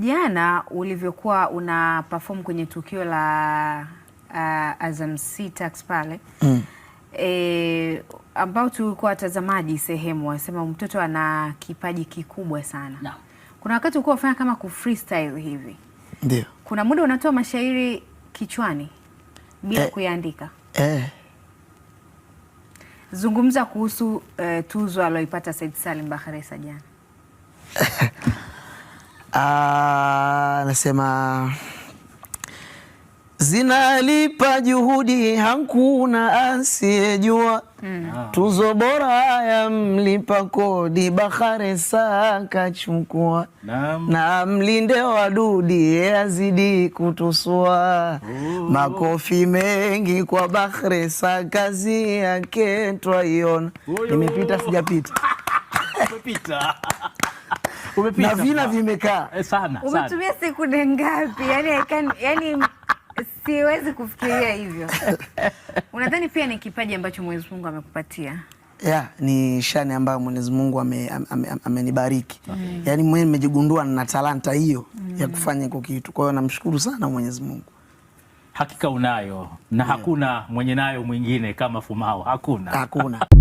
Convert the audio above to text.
Jana ulivyokuwa una perform kwenye tukio la uh, Azam Tax pale mm. E, ambao tulikuwa watazamaji sehemu wasema mtoto ana kipaji kikubwa sana no. Kuna wakati ulikuwa unafanya kama ku freestyle hivi ndio, kuna muda unatoa mashairi kichwani bila eh, kuyaandika eh. Zungumza kuhusu uh, tuzo aloipata Said Salim Bakhresa jana Ah, anasema zinalipa juhudi, hakuna asiyejua mm. tuzo bora ya mlipa kodi, bahare sakachukua na mlinde wadudi, azidi kutusua Ooh. makofi mengi kwa bahare sa kazi yake twaiona. Nimepita sijapita na vina vimekaa eh, umetumia sekunde ngapi? Yani, yani siwezi kufikiria hivyo. Unadhani pia ni kipaji ambacho Mwenyezi Mungu amekupatia? ya ni shani ambayo Mwenyezi Mungu amenibariki ame, ame, ame okay. Mm. Yaani mwenye nimejigundua na talanta hiyo mm. ya kufanya hiko kitu, kwa hiyo namshukuru sana Mwenyezi Mungu. Hakika unayo na yeah. Hakuna mwenye nayo mwingine kama Fumau, hakuna hakuna